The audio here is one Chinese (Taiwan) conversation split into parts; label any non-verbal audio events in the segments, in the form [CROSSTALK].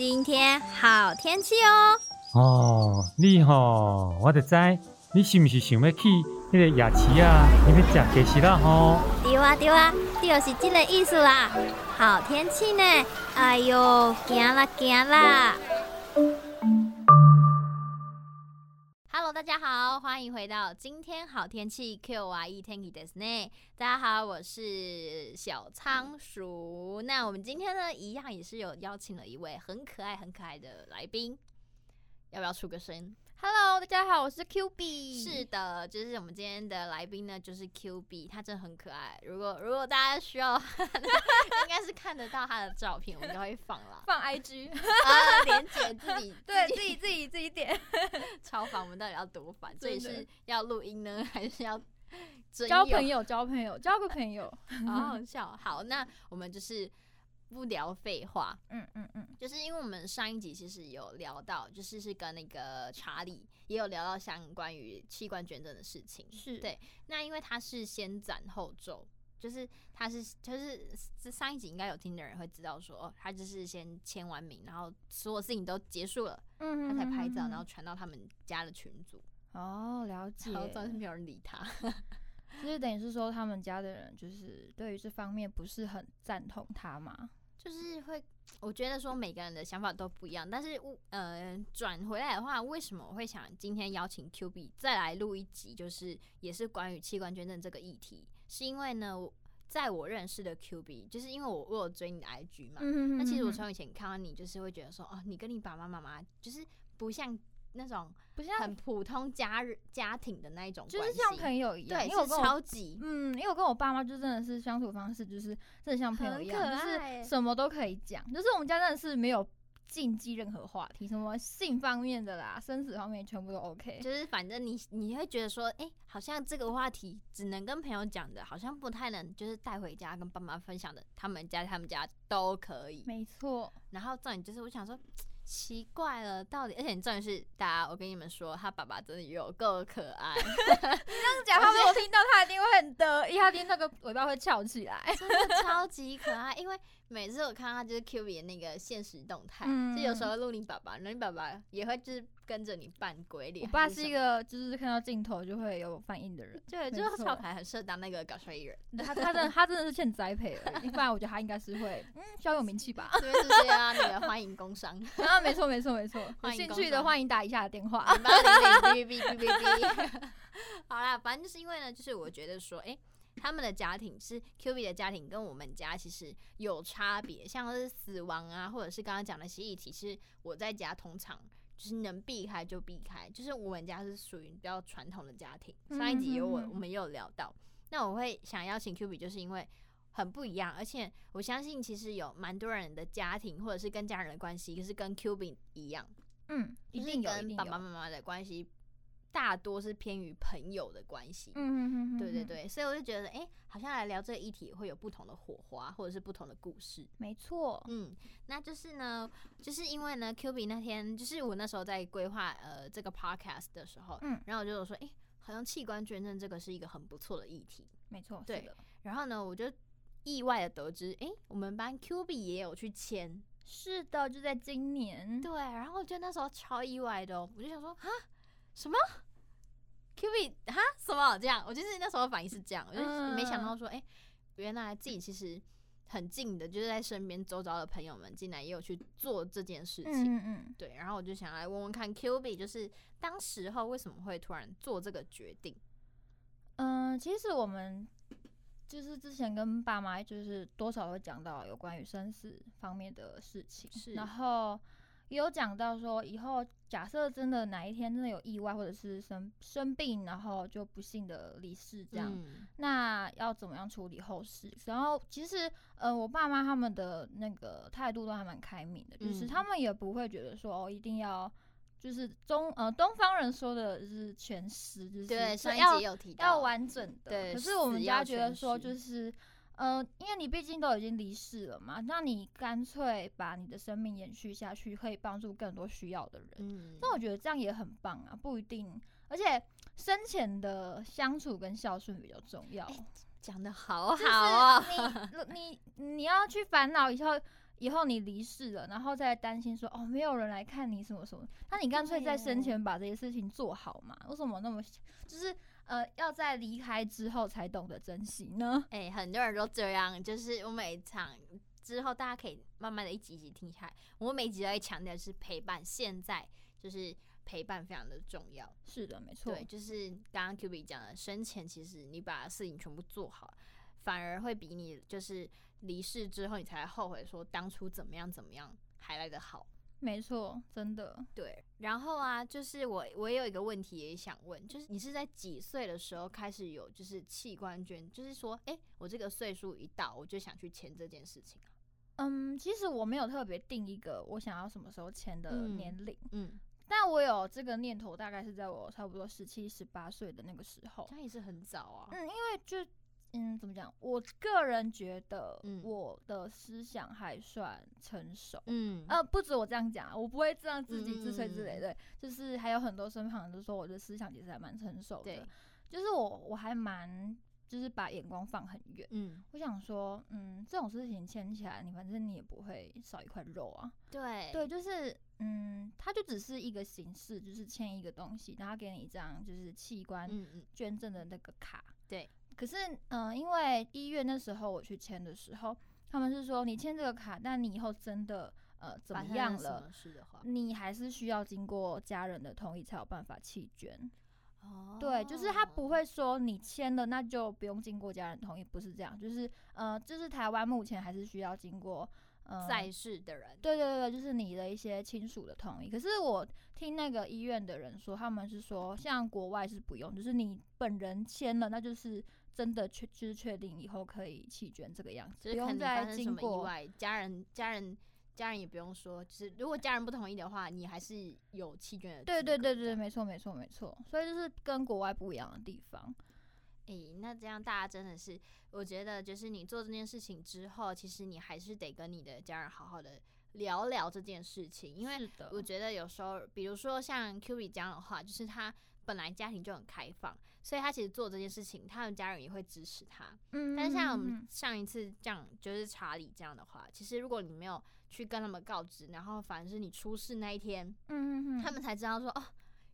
今天好天氣哦！哦，你好、哦，我就知你是不是想要去那個夜市啊？你們在夜市啦吼？對啊，對啊，就是這個意思啦。好天氣呢，哎呦，行啦，行啦。大家好，歡迎回到今天好天氣今日はいい天気ですね。大家好，我是小倉鼠。嗯、那我們今天呢，一樣也是有邀請了一位很可愛、很可愛的來賓，要不要出個聲？Hello，大家好，我是 Q B。是的，就是我們今天的來賓呢，就是 Q B，他真的很可愛。如果如果大家需要， [LAUGHS] 應該是看得到他的照片， [LAUGHS] 我們就會放了。放 I G 啊、呃，連結自己 [LAUGHS] 對自己 [LAUGHS] 自己自己，自己點， [LAUGHS] 超煩。我們到底要多煩？所以是要錄音呢，還是要交朋友？交朋友，交個朋友，好、 [LAUGHS] 哦、好笑。好，那我們就是。不聊廢話，嗯嗯嗯，嗯嗯就是因為我們上一集其實有聊到，就是是跟那個查理也有聊到相關於器官捐贈的事情，是對。那因為他是先斬後奏，就是他是就是上一集應該有聽的人會知道說，哦、他就是先簽完名，然後所有事情都結束了，嗯，嗯，嗯他才拍照，然後傳到他們家的群組。哦，了解，然後就是沒有人理他，就 [LAUGHS] 是等於是說他們家的人就是對於這方面不是很贊同他嘛。就是會，我覺得說每個人的想法都不一樣，但是，呃，轉回來的話，為什麼我會想今天邀請 QB 再來錄一集，就是也是關於器官捐贈這個議題，是因為呢，在我認識的 QB，就是因為我為了追你的 IG 嘛，嗯哼嗯哼，那其實我從以前看到你，就是會覺得說，哦，你跟你爸爸媽媽就是不像。那種不像很普通家像家庭的那一種關係，就是像朋友一樣，對是因為超級嗯，因為我跟我爸媽就真的是相處方式，就是真的像朋友一樣，就是什麼都可以講，就是我們家真的是沒有禁忌任何話題，嗯、什麼性方面的啦、生死方面全部都 OK，就是反正你你會覺得說，哎、欸，好像這個話題只能跟朋友講的，好像不太能就是帶回家跟爸媽分享的，他們家他們家都可以，沒錯錯。然後重點就是我想說。奇怪了，到底？而且你真的是大家，我跟你們說，他爸爸真的有夠可愛。 [LAUGHS] 你這樣講，我是他沒有聽到，他一定會很得意，他一定那個尾巴會翹起來，真的超級可愛， [LAUGHS] 因為。每次我看到他就是 QB 的那個限時動態，就有時候露你爸爸，露你爸爸也會就是跟着你扮鬼臉。我爸是一個就是看到鏡頭就會有反應的人，對，就是他很適合當那個搞笑藝人。他他真他真的是欠栽培了，不然我覺得他應該是會小有名氣吧。對，就是誰啊？那個歡迎工商。啊，沒錯沒錯沒錯。有興趣的歡迎打一下電話。歡迎工商。好啦，反正就是因為呢，就是我覺得說，哎。他們的家庭是 QB 的家庭，跟我們家其實有差別，像是死亡啊，或者是剛剛講的協議，其實我在家通常就是能避開就避開。就是我們家是屬於比較傳統的家庭，上一集有我我們有聊到。那我會想邀請 QB，就是因為很不一樣，而且我相信其實有蠻多人的家庭或者是跟家人的關係，就是跟 QB 一樣，嗯，一定有，一定有。大多是偏於朋友的關係，嗯哼哼哼，對對對，所以我就覺得，哎、欸，好像來聊這個議題會有不同的火花，或者是不同的故事，沒錯，嗯，那就是呢，就是因為呢，QB 那天就是我那時候在規劃呃這個 podcast 的時候，嗯，然後我就說，哎、欸，好像器官捐贈這個是一個很不錯的議題，沒錯，對，然後呢，我就意外的得知，哎、欸，我們班 QB 也有去簽，是的，就在今年，對，然後就那時候超意外的、哦，我就想說，哈。什麼？QB 哈？什麼這樣？我就是那時候反應是這樣，嗯、我就是沒想到說，哎、欸，原來自己其實很近的，就是在身邊周遭的朋友們竟然也有去做這件事情，嗯，嗯對。然後我就想來問問看，QB 就是當時候為什麼會突然做這個決定？嗯，其實我們就是之前跟爸媽就是多少會講到有關於生死方面的事情，是，然後。也有講到說，以後假設真的哪一天真的有意外，或者是生生病，然後就不幸的離世這樣，嗯、那要怎麼樣處理後事？然後其實，呃，我爸媽他們的那個態度都還蠻開明的，嗯、就是他們也不會覺得說哦，一定要就是中呃東方人說的是全屍，就是是要上一集有提到要完整的。可是我們家覺得說就是。呃，因為你畢竟都已經離世了嘛，那你乾脆把你的生命延續下去，可以幫助更多需要的人。嗯，那我覺得這樣也很棒啊，不一定。而且生前的相處跟孝順比較重要，欸，講得好好啊哦。你你你要去煩惱以後。以後你離世了，然後再擔心說哦，沒有人來看你什麼什麼，那你乾脆在生前把這些事情做好嘛？對耶 為什麼那麼就是呃要在離開之後才懂得珍惜呢？哎、欸，很多人都這樣，就是我每一場之後大家可以慢慢的一集一集聽下來，我每一集都會強調是陪伴，現在就是陪伴非常的重要。是的，沒錯。對，就是剛剛 QB 講的，生前其實你把事情全部做好。反而會比你就是離世之後，你才後悔說當初怎麼樣怎麼樣還來得好。沒錯，真的對。然後啊，就是我我也有一個問題也想問，就是你是在幾歲的時候開始有就是器官捐？就是說，哎、欸，我這個歲數一到，我就想去簽這件事情啊。嗯，其實我沒有特別定一個我想要什麼時候簽的年齡、嗯，嗯，但我有這個念頭，大概是在我差不多十七、十八歲的那個時候。那也是很早啊。嗯，因為就。嗯，怎麼講？我個人覺得我的思想還算成熟。嗯、呃，不止我這樣講，我不會這樣自己自吹自擂。對、嗯嗯嗯，就是還有很多身旁人都說我的思想其實還蠻成熟的。對，就是我我還蠻就是把眼光放很遠。嗯，我想說，嗯，這種事情簽起來，你反正你也不會少一塊肉啊。對，對，就是嗯，它就只是一個形式，就是簽一個東西，然後它給你一張就是器官捐贈的那個卡。嗯嗯對。可是，嗯、呃，因為一月那時候我去簽的時候，他們是說你簽這個卡，但你以後真的呃怎麼樣了？你還是需要經過家人的同意才有辦法器捐。哦、對，就是他不會說你簽了那就不用經過家人同意，不是這樣，就是呃，就是台灣目前還是需要經過。嗯、在世的人，對對對，就是你的一些親屬的同意。可是我聽那個醫院的人說，他們是說，像國外是不用，嗯、就是你本人簽了，那就是真的確就是確定以後可以器捐這個樣子，不用再經外，經過家人、家人、家人也不用說，就是如果家人不同意的話，嗯、你還是有器捐的。對對對對，沒錯沒錯沒錯。所以就是跟國外不一樣的地方。哎、欸，那這樣大家真的是，我覺得就是你做這件事情之後，其實你還是得跟你的家人好好的聊聊這件事情，因為我覺得有時候，比如說像 QB 這樣的話，就是他本來家庭就很開放，所以他其實做這件事情，他的家人也會支持他。嗯。但是像我們上一次這樣，就是查理這樣的話，其實如果你沒有去跟他們告知，然後反正是你出事那一天，他們才知道說哦。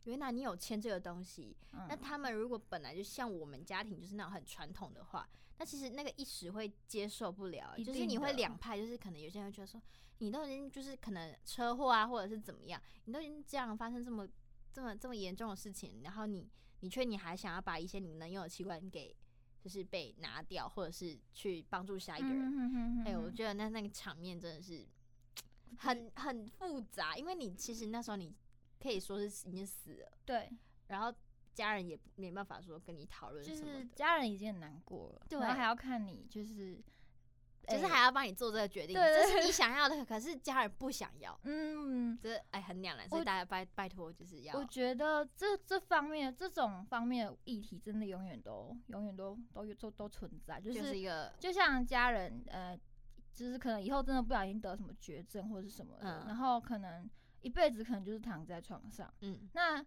原來你有簽這個東西，嗯、那他們如果本來就像我們家庭就是那種很傳統的話，那其實那個一時會接受不了、欸，就是你會兩派，就是可能有些人會覺得說，你都已經就是可能車禍啊，或者是怎麼樣，你都已經這樣發生這麼這麼這麼嚴重的事情，然後你你卻你還想要把一些你能用的器官給就是被拿掉，或者是去幫助下一個人，哎、嗯嗯嗯，hey, 我覺得那那個場面真的是很很複雜，因為你其實那時候你。可以說是已經死了，對。然後家人也沒辦法說跟你討論什麼的，家人已經很難過了，對。然後還要看你，就是，就是還要幫你做這個決定，這是你想要的，可是家人不想要，嗯，這哎很兩難，所以大家拜拜託，就是要。我覺得這這方面這種方面的議題，真的永遠都永遠都都都都存在，就是一個就像家人，呃，就是可能以後真的不小心得什麼絕症或者什麼，然後可能。一輩子可能就是躺在床上。嗯，那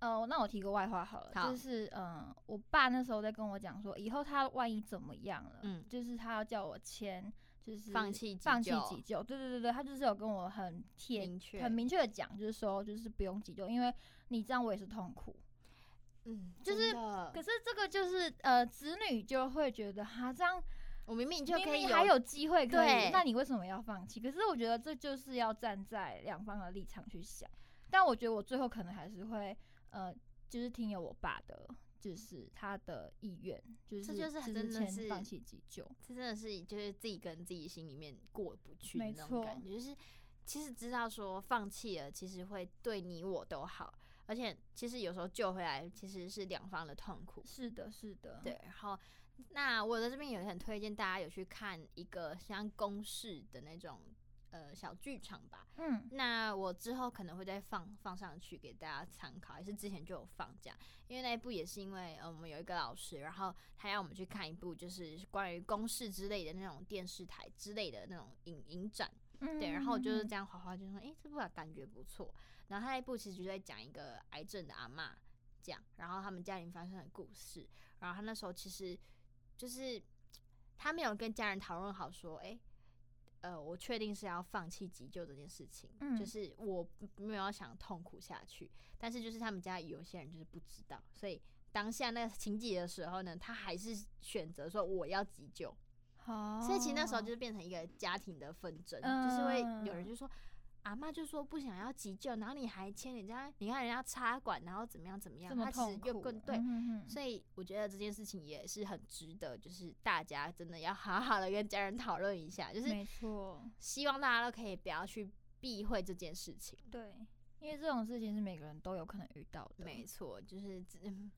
呃，那我提個外話好了，好就是嗯、呃，我爸那時候在跟我講說，以後他萬一怎麼樣了，嗯，就是他要叫我簽，就是放棄放棄急救，急救對對對對，他就是有跟我很明確很明確的講，就是說就是不用急救，因為你這樣我也是痛苦。嗯，就是的可是這個就是呃，子女就會覺得他這樣。我明明就可以，明明還有機會可以，對那你為什麼要放棄？可是我覺得這就是要站在兩方的立場去想。但我覺得我最後可能還是會，呃，就是聽由我爸的，就是他的意願。嗯、就是這，就是真的是放棄急救，這真的是就是自己跟自己心裡面過不去的那種感覺。錯就是其實知道說放棄了，其實會對你我都好，而且其實有時候救回來其實是兩方的痛苦。是的，是的，對，對然後。那我在這邊也很推薦大家有去看一個像公視的那種呃小劇場吧。嗯。那我之後可能會再放放上去給大家參考，也是之前就有放這樣。因為那一部也是因為呃、嗯、我們有一個老師，然後他要我們去看一部就是關於公視之類的那種電視台之類的那種影影展。對，然後就是這樣，畫畫，就說：“哎、欸，這部、啊、感覺不錯。”然後他那一部其實就在講一個癌症的阿嬤講，然後他們家裡發生的故事。然後他那時候其實。就是他沒有跟家人討論好，說，哎、欸，呃，我確定是要放棄急救這件事情，嗯、就是我沒有要想痛苦下去。但是就是他們家有些人就是不知道，所以當下那個情景的時候呢，他還是選擇說我要急救。Oh. 所以其實那時候就是變成一個家庭的紛爭，uh. 就是會有人就說，阿媽就說不想要急救，然後你還牽人家，你看人家插管，然後怎麼樣怎麼樣，麼他死又更、嗯、哼哼對，所以我覺得這件事情也是很值得，就是大家真的要好好的跟家人討論一下，就是沒錯，希望大家都可以不要去避諱這件事情，對錯，因為這種事情是每個人都有可能遇到的，沒錯，就是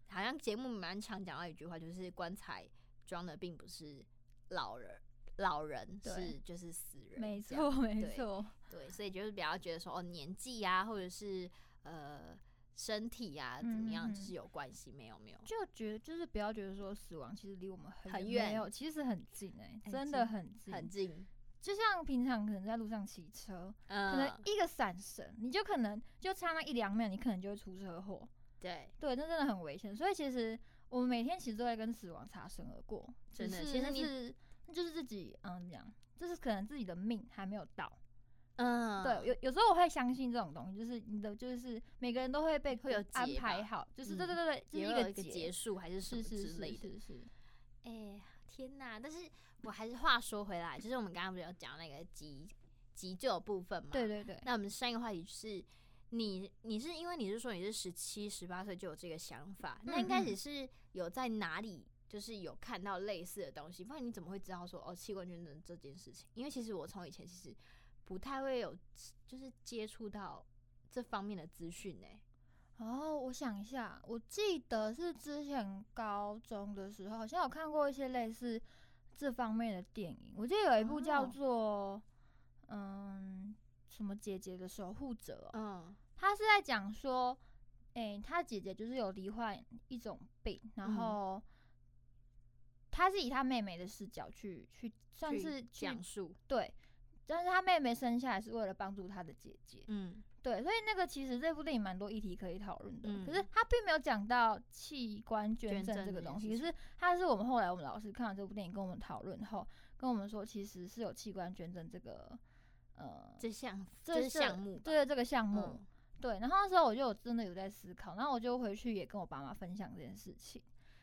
好像節目蠻常講到一句話，就是棺材裝的並不是老人，老人對是就是死人沒錯，沒錯，沒錯。對，所以就是比較覺得說哦，年紀啊，或者是呃身體啊，怎麼樣，就、嗯嗯、是有關係。沒有，沒有，就覺得就是不要覺得說死亡其實離我們很遠，沒有，遠其實很近哎、欸，欸、真的很近，近很近。就像平常可能在路上騎車，嗯、可能一個閃神，你就可能就差那一兩秒，你可能就會出車禍。對對，那真的很危險。所以其實我們每天其實都在跟死亡擦身而過，真的，是其實是就是自己嗯，這樣，就是可能自己的命還沒有到。嗯，對，有有時候我會相信這種東西，就是你都，就是每個人都會被會有安排好，就是對對對對，嗯、就一個，有一個結束還是什麼之類的，是，是，是。哎呀、欸，天哪！但是我還是話說回來，就是我們剛剛不是有講那個急急救部分嘛？對對對。那我們上一個話題、就是，你你是因為你是說你是十七十八歲就有這個想法？嗯嗯那應該只是有在哪裡就是有看到類似的東西，不然你怎麼會知道說哦器官捐贈這件事情？因為其實我從以前其實。不太會有，就是接觸到這方面的資訊呢。哦，我想一下，我記得是之前高中的時候，好像有看過一些類似這方面的電影。我記得有一部叫做“哦、嗯，什麼姐姐的守護者、哦”。嗯，他是在講說，哎、欸，他姐姐就是有罹患一種病，然後他、嗯、是以他妹妹的視角去去，去，去，算是講述，對。但是他妹妹生下來是為了幫助他的姐姐，嗯，對，所以那個其實這部電影蠻多議題可以討論的，嗯、可是他並沒有講到器官捐贈捐贈 這個東西，可是他是我們後來我們老師看完這部電影跟我們討論後，跟我們說其實是有器官捐贈這個呃這項、就是、這個項目，對，這個項目，對，然後那時候我就真的有在思考，然後我就回去也跟我爸媽分享這件事情，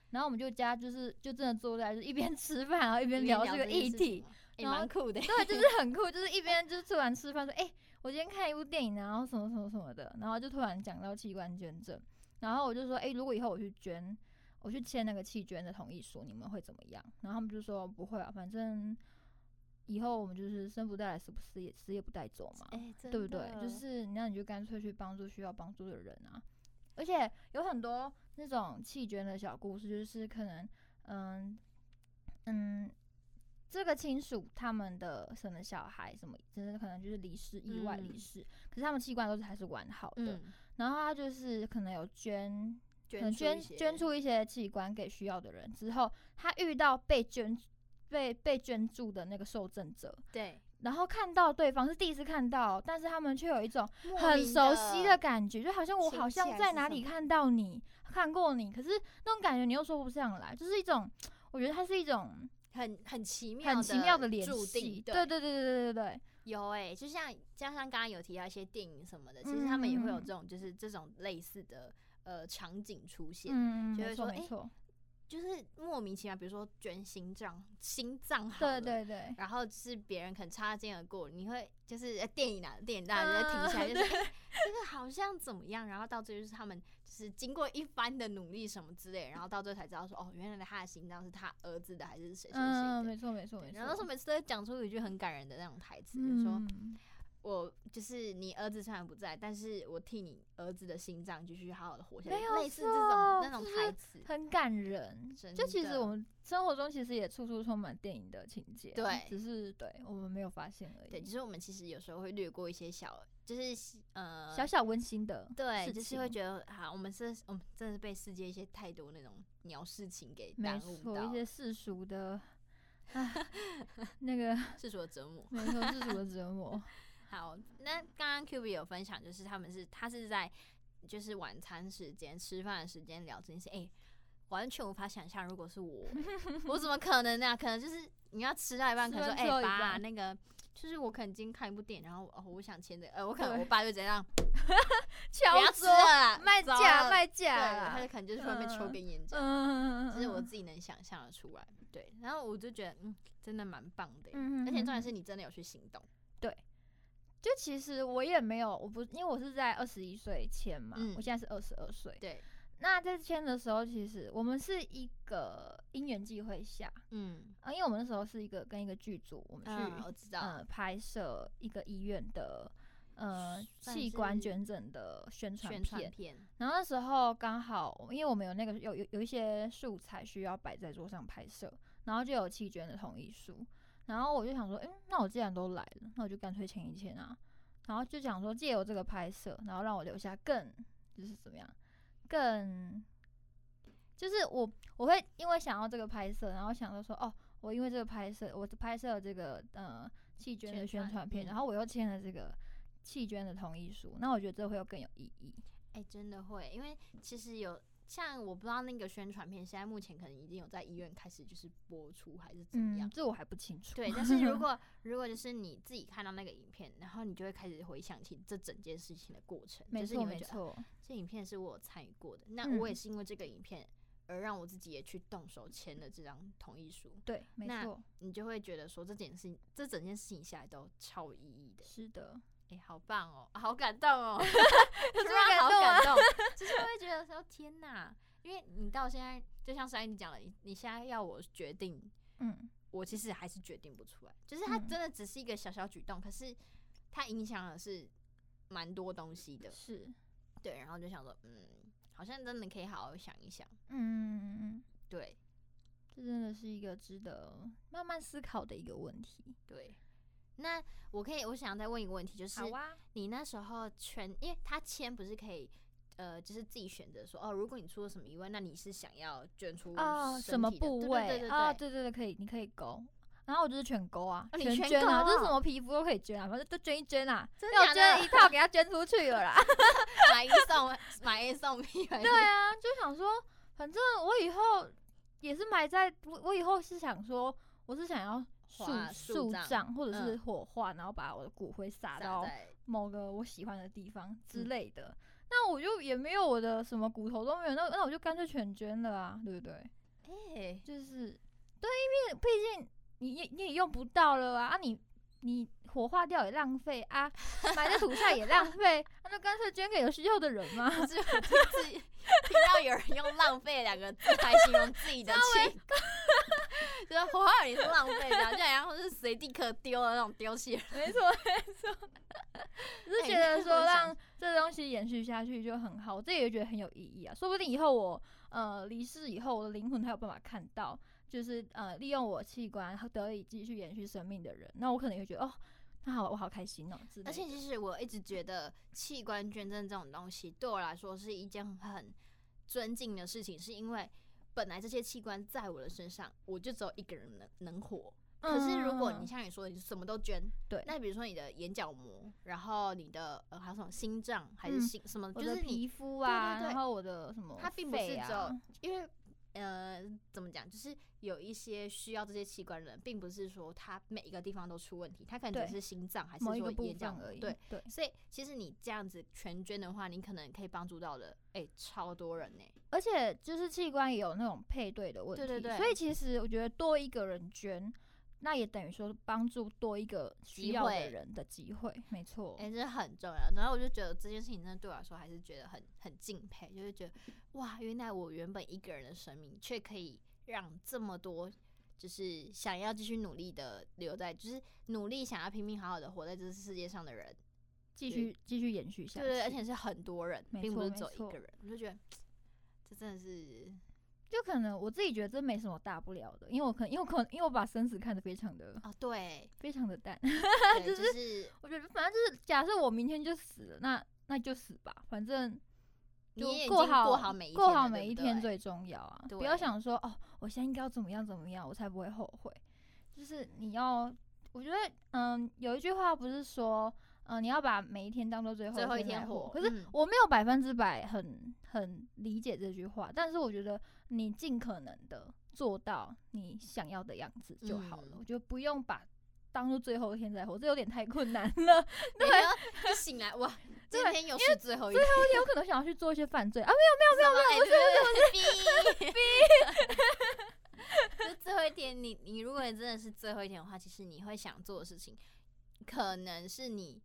然後我們就家就是就真的坐在、就是、一邊吃飯然後一邊聊這個議題。蠻、欸、酷的然後， [LAUGHS] 對，就是很酷，就是一邊就是吃完吃飯說，哎、 [LAUGHS] 欸，我今天看一部電影，然後什麼什麼什麼的，然後就突然講到器官捐贈，然後我就說，哎、欸，如果以後我去捐，我去簽那個器捐的同意書，你們會怎麼樣？然後他們就說，不會啊，反正以後我們就是生不帶來，死不死也死也不帶走嘛，欸、對不對？就是那你就乾脆去幫助需要幫助的人啊。而且有很多那種器捐的小故事，就是可能，嗯嗯。這個親屬他們的生的小孩什麼，真的可能就是離世意外離世，嗯、可是他們器官都是還是完好的。嗯、然後他就是可能有捐，捐、捐出捐出一些器官給需要的人之後，他遇到被捐被被捐助的那個受贈者，對，然後看到對方是第一次看到，但是他們卻有一種很熟悉的莫名的感覺，就好像我好像在哪裡看到你起起看過你，可是那種感覺你又說不上來，就是一種，我覺得它是一種。很很奇妙，很奇妙的註定，對對對對對對對，有哎，就像加上剛剛有提到一些電影什麼的，其實他們也會有這種就是這種類似的呃場景出現，就會說哎，就是莫名其妙，比如說捐心臟，心臟好了，對對對，然後是別人可能擦肩而過，你會就是電影啊電影大家就會停下來，就是這個好像怎麼樣，然後到這就是他們。是經過一番的努力什麼之類，然後到最後才知道說哦，原來他的心臟是他兒子的還是誰誰誰，沒錯沒錯沒錯。然後他說每次都講出一句很感人的那種台詞，嗯、就是說，我就是你兒子雖然不在，但是我替你兒子的心臟繼續好好的活下來。沒有說類似這種，那種台詞，很感人。真的就其實我們生活中其實也處處充滿電影的情節對，對，只是對我們沒有發現而已。對，只、就是我們其實有時候會略過一些小。就是呃，小小溫馨的，對，就是會覺得好。我們是，我們真的是被世界一些太多那種鳥事情給耽誤，一些世俗的，啊、 [LAUGHS] 那個世俗的折磨， [LAUGHS] 沒錯，世俗的折磨。 [LAUGHS] 好，那剛剛 QB 有分享，就是他們是他是在就是晚餐時間吃飯的時間聊這件事，哎、欸，完全無法想象，如果是我， [LAUGHS] 我怎麼可能呢、啊？可能就是你要吃到一半，可能說哎，爸、欸、那個。就是我可能今天看一部電影，然後哦，我想簽的、這個，呃，我可能我爸就怎樣，瞧不要說，賣價賣價，對，他就可能就是外面抽根煙這樣、嗯、只是我自己能想象的出來。對，然後我就覺得，嗯，真的蠻棒的，嗯、而且重點是你真的有去行動。嗯、對，就其實我也沒有，我不因為我是在二十一歲簽嘛，嗯、我現在是二十二歲，對。那在簽的時候，其實我們是一個因緣際會下，嗯，啊，因為我們那時候是一個跟一個劇組，我們去，呃嗯，呃拍攝一個醫院的，呃，是器官捐贈的宣傳片，片然後那時候剛好，因為我們有那個有有有一些素材需要擺在桌上拍攝，然後就有器捐的同意書，然後我就想說，嗯、欸，那我既然都來了，那我就乾脆簽一簽啊，然後就想說借由這個拍攝，然後讓我留下更就是怎麼樣。更就是我，我會因為想要這個拍攝，然後想到說，哦，我因為這個拍攝，我拍攝了這個呃器捐的宣傳片，然後我又簽了這個器捐的同意書，那我覺得這會有更有意義。哎、欸，真的會，因為其實有。像我不知道那個宣傳片，現在目前可能已經有在醫院開始就是播出還是怎樣，這我還不清楚。對，但是如果如果就是你自己看到那個影片，然後你就會開始回想起這整件事情的過程，沒錯沒錯，這影片是我參與過的，那我也是因為這個影片而讓我自己也去動手簽了這張同意書，對，沒錯，你就會覺得說這件事情，這整件事情下來都超有意義的，是的。哎、欸，好棒哦，好感動哦，突然 [LAUGHS] 好感動， [LAUGHS] 就是我會覺得說天哪，因為你到現在，就像珊姨你講了，你你現在要我決定，嗯，我其實還是決定不出來。就是他真的只是一個小小舉動，嗯、可是他影響的是蠻多東西的，是，對。然後就想說，嗯，好像真的可以好好想一想，嗯，對，這真的是一個值得慢慢思考的一個問題，對。那我可以，我想要再問一個問題，就是好、啊、你那時候全，因為他簽不是可以，呃，就是自己選擇說，哦，如果你出了什麼疑問，那你是想要捐出、呃、什麼部位？對，對，對，對，啊、哦，對對對，可以，你可以勾，然後我就是全勾啊，哦、你全，啊全捐啊，就是什麼皮膚都可以捐啊，反正都捐一捐啊，真的要捐一套給他捐出去了啦，買一送買一送，皮，對啊，就想說，反正我以後也是埋在，我我以後是想說，我是想要。樹樹葬或者是火化，嗯、然後把我的骨灰撒到某個我喜歡的地方之類的，那我就也沒有我的什麼骨頭都沒有，那那我就乾脆全捐了啊，對不對？哎、欸，就是，對，因為畢竟你也你，你也用不到了啊，啊你。你火化掉也浪費啊，埋在土下也浪費， [LAUGHS] 那就乾脆捐給有需要的人嗎、啊？不是，就我是第一次聽到有人用“浪費”兩個字來形容自己的情，覺得 [LAUGHS] [LAUGHS] 火化也是浪費、啊，的， [LAUGHS] 就好像就是隨地可丟的那種丟棄、啊。 [LAUGHS] 沒錯，沒錯。只是覺得說讓這東西延續下去就很好，我自己也覺得很有意義啊。說不定以後我呃離世以後，我的靈魂還有辦法看到。就是呃，利用我器官然後得以繼續延續生命的人，那我可能會覺得哦，那好，我好開心哦。的而且其實我一直覺得器官捐贈這種東西對我來說是一件很尊敬的事情，是因為本來這些器官在我的身上，我就只有一個人能能活。可是如果你像你說的，你什麼都捐，對、嗯，那比如說你的眼角膜，然後你的、呃、還有什麼心臟，還是心、嗯、什麼，就是皮膚啊，對對對然後我的什麼、啊，它並不是只有因為。呃，怎麼講？就是有一些需要這些器官的人，並不是說他每一個地方都出問題，他可能只是心臟對還是說某一個部位而已。對對，對所以其實你這樣子全捐的話，你可能可以幫助到的，哎、欸，超多人呢、欸，而且就是器官也有那種配對的問題，對對對。所以其實我覺得多一個人捐，那也等於說，幫助多一個需要的人的機會，需要的人的機會。沒錯，哎、欸，這很重要。然後我就覺得這件事情真的對我來說還是覺得很很敬佩，就是覺得哇，原來我原本一個人的生命，卻可以讓這麼多就是想要繼續努力的留在，就是努力想要拼命好好的活在這個世界上的人繼續繼續延續下去，對對對，而且是很多人，沒錯，並不是只有一個人，我就覺得這真的是。就可能我自己覺得這沒什麼大不了的，因為我可能，因為我可能，因為我把生死看得非常的啊，oh, 對，非常的淡， [LAUGHS] 對 [LAUGHS] 就是我覺得反正就是，假設我明天就死了，那那就死吧，反正你過好你過好每一天過好每一天最重要啊，對不要想說哦，我現在應該要怎麼樣怎麼樣，我才不會後悔，就是你要，我覺得嗯，有一句話不是說。嗯，你要把每一天當做最後一天活，可是我沒有百分之百很很理解這句話，但是我覺得你盡可能的做到你想要的樣子就好了。我覺得不用把當做最後一天再活，這有點太困難了。對啊，你醒來哇，今天又是最後一天，有可能想要去做一些犯罪啊。沒有沒有沒有沒有，我是我是 B。哈哈哈哈哈。就最後一天，你你如果真的是最後一天的話，其實你會想做的事情，可能是你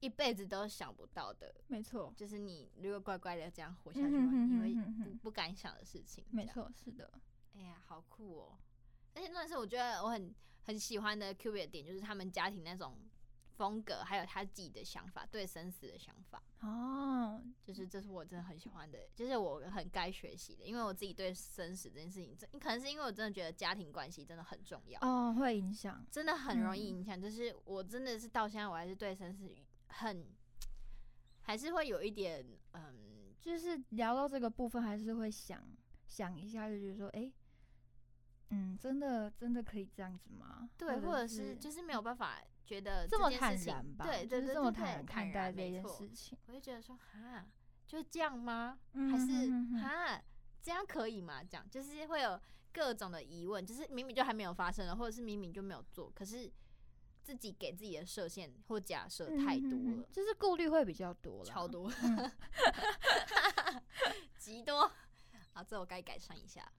一輩子都想不到的。沒錯，就是你如果乖乖的這樣活下去，你會不，不敢想的事情。沒錯，是的。哎呀，好酷哦！而且那是我覺得我很很喜歡的 QB 點，就是他們家庭那種風格，還有他自己的想法，對生死的想法。哦，就是這是我真的很喜歡的，就是我很該學習的，因為我自己對生死這件事情，可能是因為我真的覺得家庭關係真的很重要。哦，會影響，真的很容易影響。嗯、就是我真的是到現在我還是對生死。很，還是會有一點，嗯，就是聊到這個部分，還是會想想一下，就覺得說，哎、欸，嗯，真的真的可以這樣子嗎？對，或者是、嗯、就是沒有辦法覺得這，這麼坦然吧，對，對，對就是這麼坦然看待這件事情，我就覺得說，哈，就是這樣嗎？嗯、哼哼哼還是哈，這樣可以嗎？這樣就是會有各種的疑問，就是明明就還沒有發生了，或者是明明就沒有做，可是。自己給自己的設限或假設太多了，嗯哼哼，就是顧慮會比較多了，超多，嗯、 [LAUGHS] [LAUGHS] 極多。好，這我該改善一下。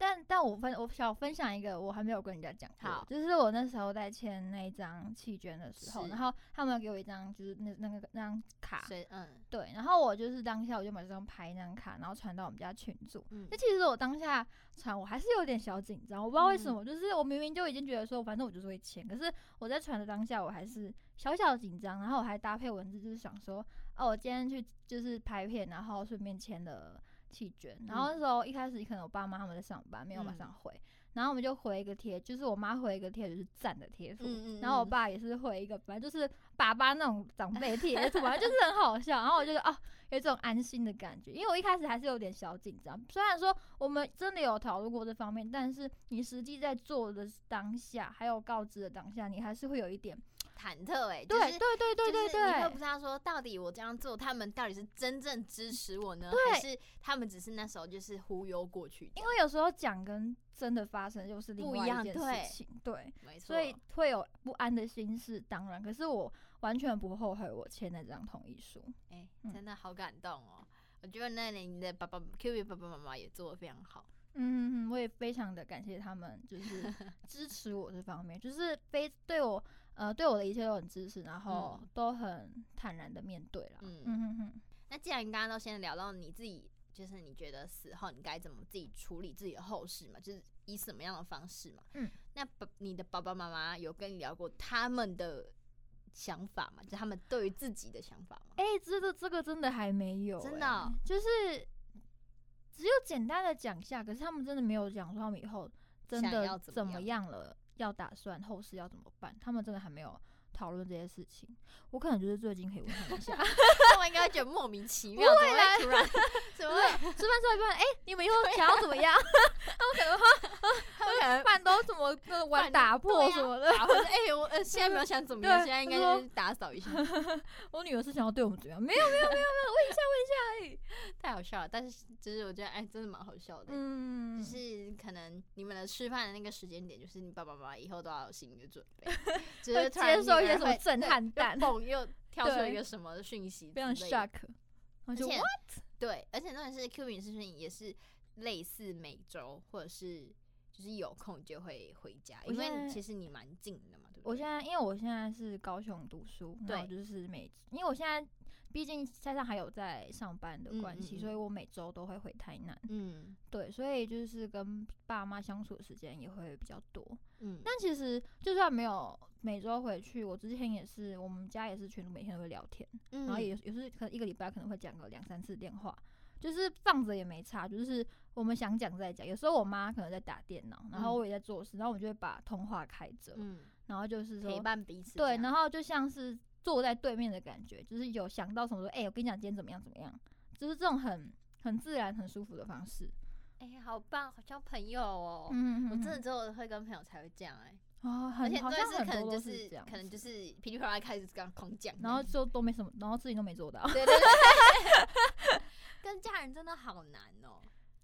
但但我分，我想分享一個我還沒有跟人家講過，好，就是我那時候在簽那一張器捐的時候，是然後他們給我一張就是那那個那張卡，嗯，對，然後我就是當下我就買這張拍一張卡，然後傳到我們家群組。那、嗯、其實我當下傳，我還是有點小緊張，我不知道為什麼，嗯、就是我明明就已經覺得說，反正我就是會簽，可是我在傳的當下我還是小小的緊張，然後我還搭配文字，就是想說，哦，我今天去就是拍片，然後順便簽了。器捐，然後那時候一開始可能我爸媽他們在上班，沒有馬上回，嗯、然後我們就回一個貼，就是我媽回一個貼就是讚的貼圖，嗯嗯嗯，然後我爸也是回一個，反正就是爸爸那種長輩貼，反正就是很好笑，然後我覺得啊，有一種安心的感覺，因為我一開始還是有點小緊張，雖然說我們真的有討論過這方面，但是你實際在做的當下，還有告知的當下，你還是會有一點。忐忑，哎、欸，就是、對對對對對，對，你會不知道說到底我這樣做，他們到底是真正支持我呢，對還是他們只是那時候就是忽悠過去？因為有時候講跟真的發生又是另外一件事情，對，對，對沒錯錯，所以會有不安的心事，當然。可是我完全不後悔我簽這張同意書，哎、欸，真的好感動哦！嗯、我覺得那年你的爸爸、QB 爸爸媽媽也做的非常好，嗯嗯，我也非常的感謝他們，就是支持我這方面， [LAUGHS] 就是非對我。呃，對我的一切都很支持，然後都很坦然的面對了。嗯嗯嗯。嗯哼哼。那既然你剛剛都先聊到你自己，就是你覺得死後你該怎麼自己處理自己的後事嘛，就是以什麼樣的方式嘛。嗯。那你的爸爸媽媽有跟你聊過他們的想法嗎？就是、他們對於自己的想法嗎？哎、欸，這個這個真的還沒有，真的、哦、就是只有簡單的講一下，可是他們真的沒有講說他們以後真的怎麼樣了。要打算後事要怎麼辦？他們真的還沒有討論這些事情。我可能就是最近可以問他們一下， [LAUGHS] [LAUGHS] 他們應該覺得莫名其妙。不會啦，吃飯吃飯吃飯！哎、 [LAUGHS] 欸，你們以後想要怎麼樣？他們可能說。 [LAUGHS] [LAUGHS] [LAUGHS] 飯 Okay, 都怎麼玩打破什麼的？哎、欸，我呃現在沒有想怎麼樣， [LAUGHS] 對現在應該就是打掃一下。 [LAUGHS] 我女兒是想要對我們怎麼樣？沒有，沒有，沒有，沒有。問一下， [LAUGHS] 問一下，哎，太好笑了。但是就是我覺得，哎、欸，真的蠻好笑的，欸。嗯，就是可能你們的吃飯的那個時間點，就是你爸爸媽媽以後都要有心理的準備， [LAUGHS] 就是接受一些什麼震撼彈，又跳出一個什麼訊息的，非常 shock。我就而且，What? 對，而且那也是 Q 影視訊也是類似每周或者是。就是有空就會回家，因為其實你蠻近的嘛，對不對？我現在因為我現在是高雄讀書，對然後就是每因為我現在畢竟在上還有在上班的關係，嗯嗯所以我每周都會回台南，嗯，對，所以就是跟爸媽相處的時間也會比較多，嗯。但其實就算沒有每周回去，我之前也是我們家也是全部每天都會聊天，嗯、然後有有時可能一個禮拜可能會講個兩三次電話。就是放着也沒差，就是我們想講再講。有時候我媽可能在打電腦，然後我也在做事，然後我們就會把通話開着，嗯，然後就是陪伴彼此，對，然後就像是坐在對面的感覺，樣就是有想到什麼說，哎、欸，我跟你講今天怎麼樣怎麼樣，就是這種很很自然、很舒服的方式。哎、欸，好棒，好像朋友哦。嗯哼，我真的只有會跟朋友才會這樣哎、欸，啊、哦，很而且多是可能就是，是可能就是噼里啪啦開始這樣狂講，然後就都沒什麼，然後自己都沒做到。對對對。跟家人真的好難哦，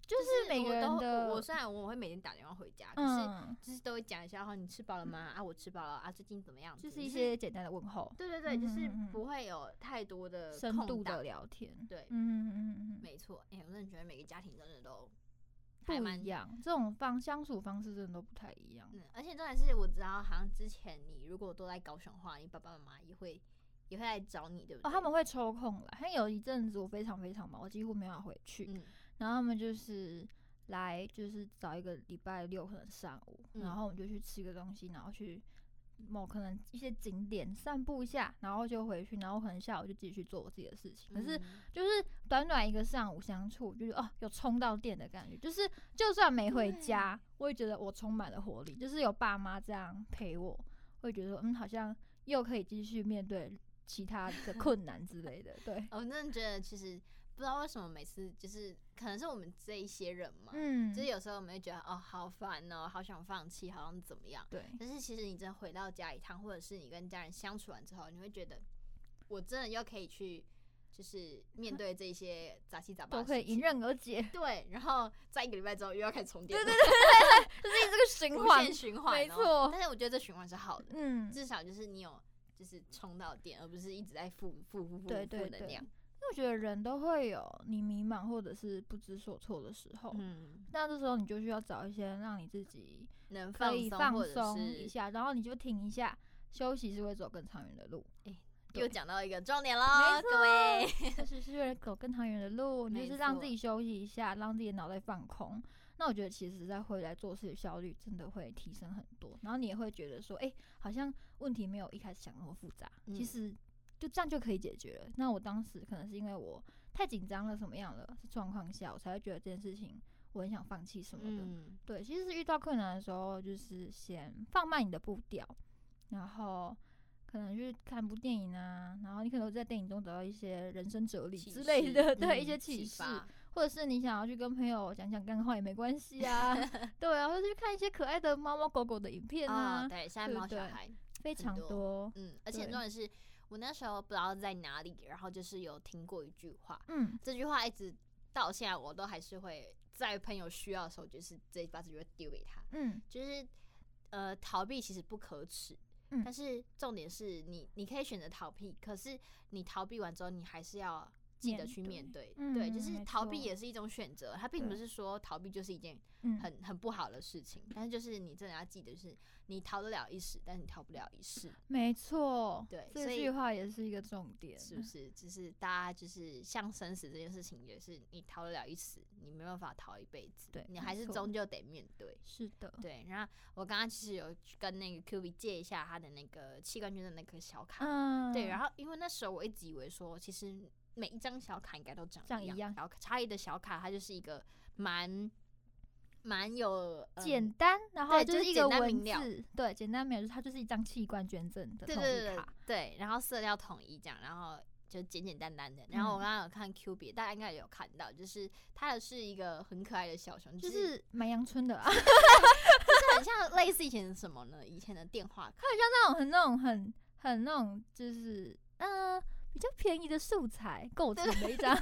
就是每個人都，我雖然我會每天打電話回家，嗯、可是就是都會講一下，哈，你吃飽了嗎？嗯、啊，我吃飽了啊，最近怎麼樣？就是一些簡單的問候。對對對，就是不會有太多的深度的聊天。對，嗯哼哼哼哼沒錯。哎、欸，我真的覺得每個家庭真的都還蠻不一樣，這種方相處方式真的都不太一樣。而且重點是，我知道好像之前你如果都在高雄的話，你爸爸媽媽也會。也會來找你，對不對？哦，他們會抽空來。像有一陣子，我非常非常忙，我幾乎沒有要回去。嗯、然後他們就是來，就是找一個禮拜六可能上午，嗯、然後我們就去吃個東西，然後去某可能一些景點散步一下，然後就回去，然後可能下午就繼續做我自己的事情。嗯、可是就是短短一個上午相處，就是哦，有充到電的感覺。就是就算沒回家，嗯、我也覺得我充滿了活力。就是有爸媽這樣陪我，會覺得嗯，好像又可以繼續面對其他的困難之類的，對， [LAUGHS] 我真的覺得其實不知道為什麼每次就是可能是我們這一些人嘛，嗯，就是有時候我們會覺得哦，好煩哦，好想放棄，好想怎麼樣，對。但是其實你真的回到家一趟，或者是你跟家人相處完之後，你會覺得我真的又可以去就是面對這些雜七雜八的事情，都可以迎刃而解。對，然後在一個禮拜之後又要開始充電，對對對對對，就是你這個循環 [LAUGHS] 循環、哦、沒錯。但是我覺得這循環是好的，嗯，至少就是你有。就是充到電，而不是一直在負負負負負能量對對對。因為我覺得人都會有你迷茫或者是不知所措的時候，嗯，那這時候你就需要找一些讓你自己能可以放鬆一下，然後你就停一下，休息是會走更長遠的路。哎，又講到一個重點啦，沒錯沒錯，各位就是為了走更長遠的路。沒錯，你就是讓自己休息一下，讓自己的腦袋放空。那我覺得，其實再回來做事的效率真的會提升很多。然後你也會覺得說，哎、欸，好像問題沒有一開始想那麼複雜，嗯、其實就這樣就可以解決了。那我當時可能是因為我太緊張了，什麼樣的狀況下，我才會覺得這件事情我很想放棄什麼的？嗯、對，其實是遇到困難的時候，就是先放慢你的步調，然後可能去看部電影啊，然後你可能在電影中得到一些人生哲理之類的，啟示，對，一些啟發。或者是你想要去跟朋友講講乾話也沒關係啊， [LAUGHS] 對啊，或者去看一些可愛的貓貓狗狗的影片啊、哦，對，現在毛小孩對對非常多、多，嗯，而且重點是，對我那時候不知道在哪裡，然後就是有聽過一句話，嗯，這句話一直到現在我都還是會，在朋友需要的時候，就是這一把子就會丟給他，嗯，就是呃，逃避其實不可恥，嗯、但是重點是你你可以選擇逃避，可是你逃避完之後，你還是要。記得去面對，對，就是逃避也是一種選擇，它並不是說逃避就是一件很很不好的事情，但是就是你真的要記得，是你逃得了一時，但你逃不了一世。沒錯，對，這句話也是一個重點，是不是？就是大家就是像生死這件事情，也是你逃得了一時，你沒辦法逃一輩子，對，你還是終究得面對。是的，對。然後我剛剛其實有跟那個 QB 借一下他的那個器官捐的那顆小卡，對，然後因為那時候我一直以為說其實。每一張小卡應該都長一樣，一樣差異的小卡它就是一個蠻蠻有、嗯、簡單，然後對就是一個文單字，單對，簡單名就是它就是一張器官捐贈的同意卡對對對，對，然後色調統一這樣，然後就簡簡單單的。然後我剛剛有看 QB，嗯、哼大家應該有看到，就是它是一個很可愛的小熊，就是蠻陽春的啊， [LAUGHS] 就是很像類似以前的什麼呢？以前的電話，它很像那種很那種很很那種就是嗯、呃比較便宜的素材構成的一張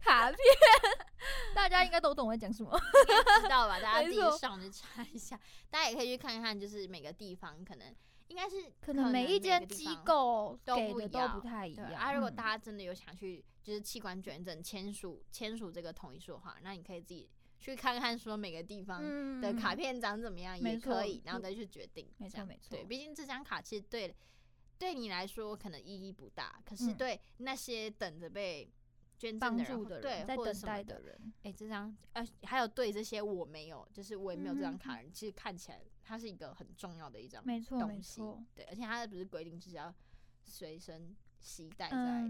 卡片， [LAUGHS] 大家應該都懂我在講什麼， [LAUGHS] 知道吧？大家自己上去查一下，沒錯。大家也可以去看看，就是每個地方可能應該是可能每一間機構給的都不太一樣。對啊，嗯、啊如果大家真的有想去，就是器官捐贈簽署簽署這個同意書的話，那你可以自己去看看，說每個地方的卡片長怎麼樣，也可以，嗯、然後再去決定。沒錯沒錯，對，沒錯，畢竟這張卡其實對。對你來說可能意義不大，可是對那些等着被捐贈的人，對，在等待的人，哎，這張，哎，還有對這些我沒有，就是我也沒有這張卡。其實看起來它是一個很重要的一張東西，沒錯，沒錯，對，而且它不是規定就是要隨身攜帶在。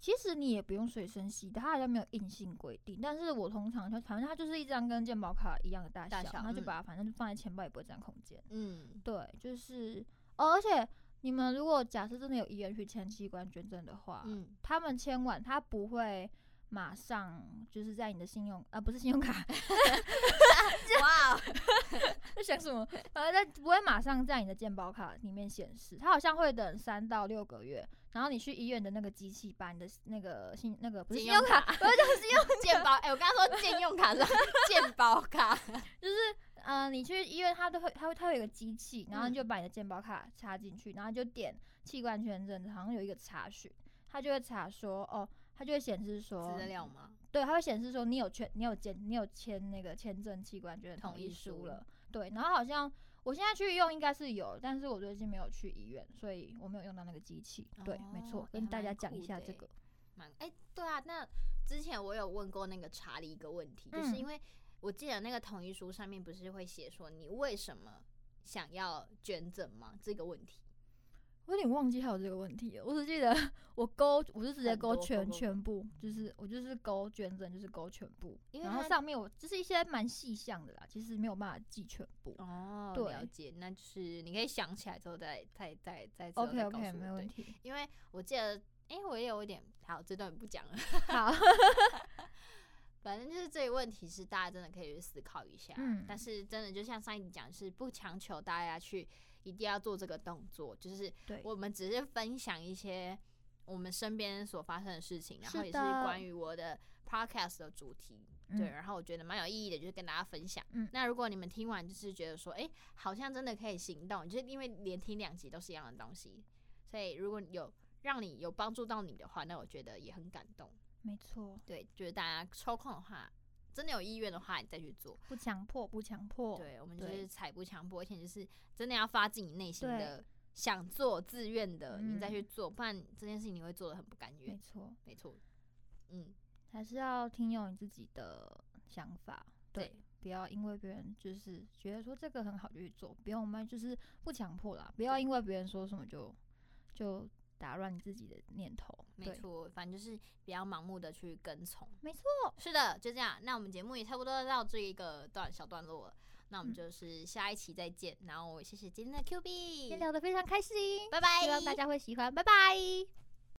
其實你也不用隨身攜帶，它好像沒有硬性規定。但是我通常就，反正它就是一張跟健保卡一樣的大小，那就把它反正就放在錢包也不會占空間。嗯，對，就是，哦，而且。你們如果假設真的有意願去簽器官捐贈的話，嗯，他們簽完他不會。馬上就是在你的信用，呃，不是信用卡。哇 [LAUGHS] 就，在 Wow [LAUGHS] 想什麼？它、呃、不會馬上在你的健保卡裡面顯示，它好像會等三到六個月。然後你去醫院的那個機器，把你的那個信、那個、那個不是信用卡，用卡不是叫信用健保？哎康、欸，我剛剛說信用卡是不是 [LAUGHS] 健保卡就是嗯、呃，你去醫院，它都會，它會，它會有個機器，然後就把你的健保卡插進去，嗯、然後就點器官捐贈，好像有一個查詢，它就會查說哦。它就會顯示說資料嗎？對，它會顯示說你有簽，你有簽，你有簽那個簽證器官捐贈、就是、同意書了。書，對，然後好像我現在去用應該是有，但是我最近沒有去醫院，所以我沒有用到那個機器。哦、對，沒錯，跟、欸、大家講一下這個。蠻、哎、欸欸，對啊，那之前我有問過那個查理一個問題，嗯、就是因為我記得那個同意書上面不是會寫說你為什麼想要捐贈嗎？這個問題。我有點忘記，還有這個問題了，我只記得我勾，我就直接勾全勾勾勾全部，就是我就是勾捐贈，就是勾全部，因為它上面我就是一些蠻細項的啦，其實沒有辦法記全部。哦，對了解，那就是你可以想起來之後再再再再，再 OK OK。對沒問題。因為我記得，哎、欸，我也有一點，好，有這段不講了。好， [LAUGHS] 反正就是這個問題是大家真的可以去思考一下，嗯、但是真的就像上一集講，是不強求大家去。一定要做這個動作，就是我們只是分享一些我們身邊所發生的事情，然後也是關於我的 podcast 的主題，是的嗯、對，然後我覺得蠻有意義的，就是跟大家分享。嗯、那如果你們聽完就是覺得說，哎、欸，好像真的可以行動，就是因為連聽兩集都是一樣的東西，所以如果有讓你有幫助到你的話，那我覺得也很感動。沒錯，對，就是大家抽空的話。真的有意願的話，你再去做，不強迫，不強迫。對，我們就是才不強迫，對 而且就是真的要發自你內心的想做自願的，對嗯、你再去做，不然這件事情你會做得很不甘願。沒錯，沒錯。嗯，還是要聽用你自己的想法。對，對 不要因為別人就是覺得說這個很好就去做，不要我們就是不強迫啦，不要因為別人說什麼就就。打亂自己的念頭。沒錯，對反正就是比較盲目的去跟從，沒錯，是的，就這樣。那我們節目也差不多到這一個段小段落了，那我們就是下一期再見，嗯、然後謝謝今天的 Q B，今天聊得非常開心，拜拜，希望大家會喜歡，拜拜。